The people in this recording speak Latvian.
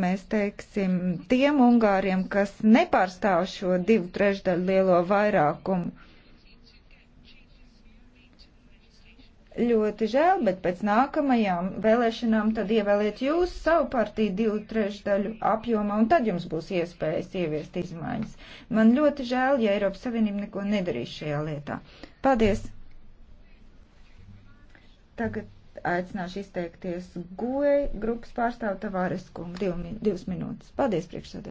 mēs teiksim tiem Ungāriem, kas nepārstāv šo divu trešdaļu lielo vairākumu. Ļoti žēl, bet pēc nākamajām vēlēšanām tad ievēliet jūs savu partiju divu trešdaļu apjomā, un tad jums būs iespējas ieviest izmaiņas. Man ļoti žēl, ja Eiropas Savienība neko nedarīs šajā lietā. Paldies! Tagad aicināšu izteikties goja grupas pārstāvu Tavāres kungu divas minūtes. Paldies, priekšsēdē.